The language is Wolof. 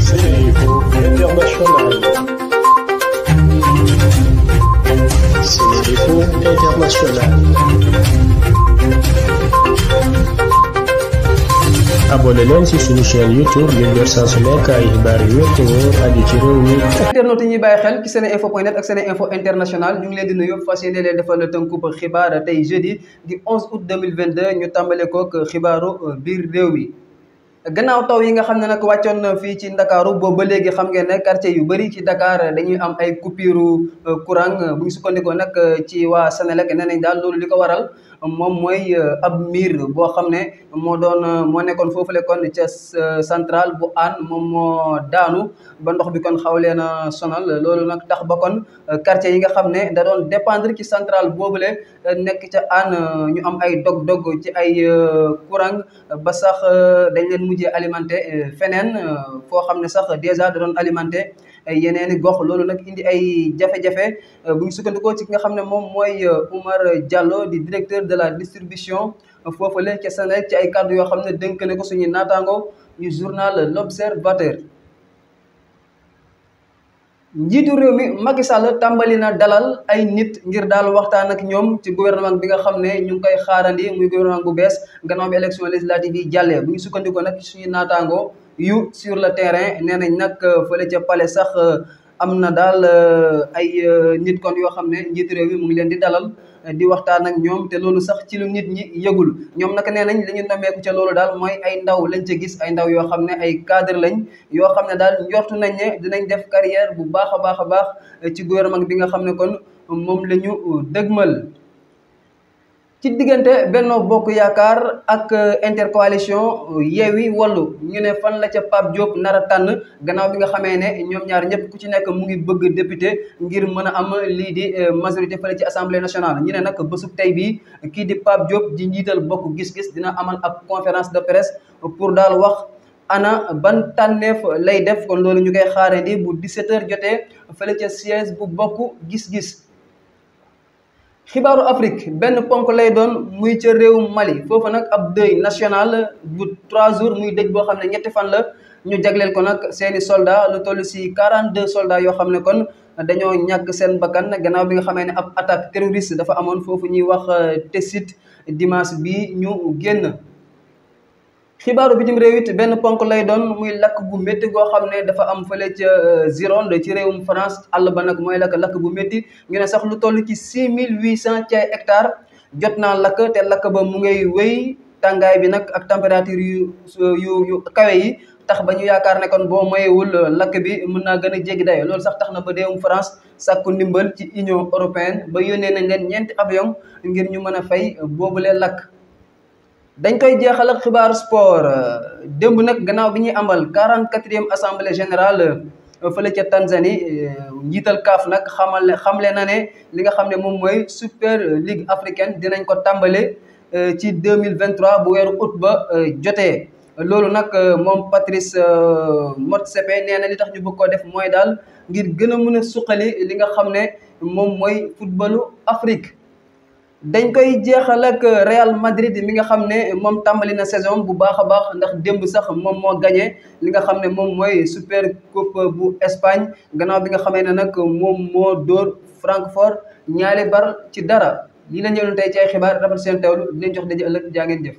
Cérébraux International. Cérébraux International. abonné leen ci suñu YouTube ngir jot saa su nekk ay yu wér te wóor aju ci réew mi. internautes yi ñuy ñu ngi leen di nuyu fas yéene leen defal tënkub xibaar tey jeudi di 11 août 2022 ñu tàmbale kook xibaaru euh, biir réew mi. gannaaw taw yi nga xam ne nag wàccoon na fii ci Ndakaaru boobu ba léegi xam ngeen ne quartier yu bëri ci Dakar dañuy am ay coupure euh, courant bu ñu sukkandikoo nag euh, ci waa Sénélec nee nañ daal loolu li ko waral moom mooy euh, ab miir boo xam ne moo doon moo nekkoon foofule kon ca centrale bu aan moom moo daanu ba ndox bi kon xaw leen a sonal loolu nag tax ba kon quartier yi nga xam ne da dépendre ci boobu le nekk ca aan ñu am ay dog-dog ci ay courant ba mujjee alimentaire euh, feneen euh, foo xam ne sax dèjà da doon alimenté yeneen i gox loolu nag indi ay jafe-jafe euh, bu ñu sukkandikoo ki nga xam ne moom mooy Oumar Diallo di directeur de la distribution foofu la ca Senelec ci ay kàddu yoo xam ne dënk na ko suñuy naataango ñu journal L'Observateur njiitu réew mi Macky Sall tàmbali na dalal ay nit ngir daal waxtaan ak ñoom ci gouvernement bi nga xam ne ñu ngi koy xaarandi muy gouvernement bu bees gannaaw bi élection législative yi jàllee bu ñu sukkandikoo nag suñu naataangoo yu sur le terrain nee nañ nag fële ca palais sax. am na daal euh, ay euh, nit kon yoo xam ne njiit réew mu ngi leen di dalal euh, di waxtaan ak ñoom te loolu sax ci lu nit ñi yëgul ñoom nag nee nañ li ñu ca loolu daal mooy ay ndaw lañ ca gis ay ndaw yoo xam ne ay cadre lañ yoo xam ne daal njortu nañ ne dinañ def carrière bu baax a baax a baax ci gouvernement bi nga xam ne kon moom la ñu dëgmal ci diggante Benno Bokk Yaakaar ak euh, intercoalition euh, yewi Wallu ñu ne fan la ca Pape Diop nar a tànn gannaaw bi nga xamee ne ñoom ñaar ñëpp ku ci nekk mu ngi bëgg député ngir mën a am lii di euh, majorité fële ci assemblée nationale ñu ne nag bësu tey bii kii di Pape Diop ji njiital bokk gis-gis dina amal ab conférence de presse pour daal wax ana ban tànneef lay def kon loolu ñu koy xaarandi di 17h jotee fële ca siège bu bokk gis-gis xibaaru Afrique benn ponk lay doon muy ca réewum Mali foofu nag ab deuil national bu trois jours muy dëj boo xam ne ñetti fan la ñu jagleel ko nag seeni soldats lu toll si quarante deux soldats yoo xam ne kon dañoo ñàkk seen bakkan gannaaw bi nga xamee ne ab attaque terroriste dafa amoon foofu ñuy wax te euh, Tessit dimanche bi ñu génn. xibaaru bi bitim réew it benn ponk lay doon muy lakk bu métti goo xam ne dafa am fële ca euh, Gironde ci réewum France àll ba nag mooy lakk lakk bu métti ñu ne sax lu toll ci six mille huit cent ci hectares jot naa lakk te lakk ba mu ngay wéy tàngaay bi nag ak température yu yu kawe yi tax ba ñu yaakaar ne kon boo moyewul lakk bi mën naa gën a jéggi dayo loolu sax tax na ba réewum France sàkku ndimbal ci Union européenne ba yónnee nañ leen ñeenti avion ngir ñu mën a fay boobulee lakk dañ koy jeexal ak xibaaru sport démb nag gannaaw bi ñuy amal quarante quatrième assemblée générale euh, fële ca Tanzanie euh, njiital kaaf nag xamal xamle na ne li nga xam ne moom mooy super ligue africaine dinañ ko tàmbale euh, ci deux mille vingt bu weeru août ba jotee. loolu nag moom Patrice Motsepe nee na li tax ñu bëgg koo def mooy daal ngir gën a mën a suqali li nga xam ne moom mooy footballu Afrique. dañ koy jeexalak ak Real Madrid mi nga xam ne moom tàmbali na saison bu baax a baax ndax démb sax moom moo gagné li nga xam ne moom mooy super coupe bu Espagne gannaaw bi nga xamee ne nag moom moo dóor Francfort ñaari bar ci dara lii la ñëwoon tey ci ay xibaar rafet seen teewlu dinañ jox daje ëllëg jaa ngeen jëf.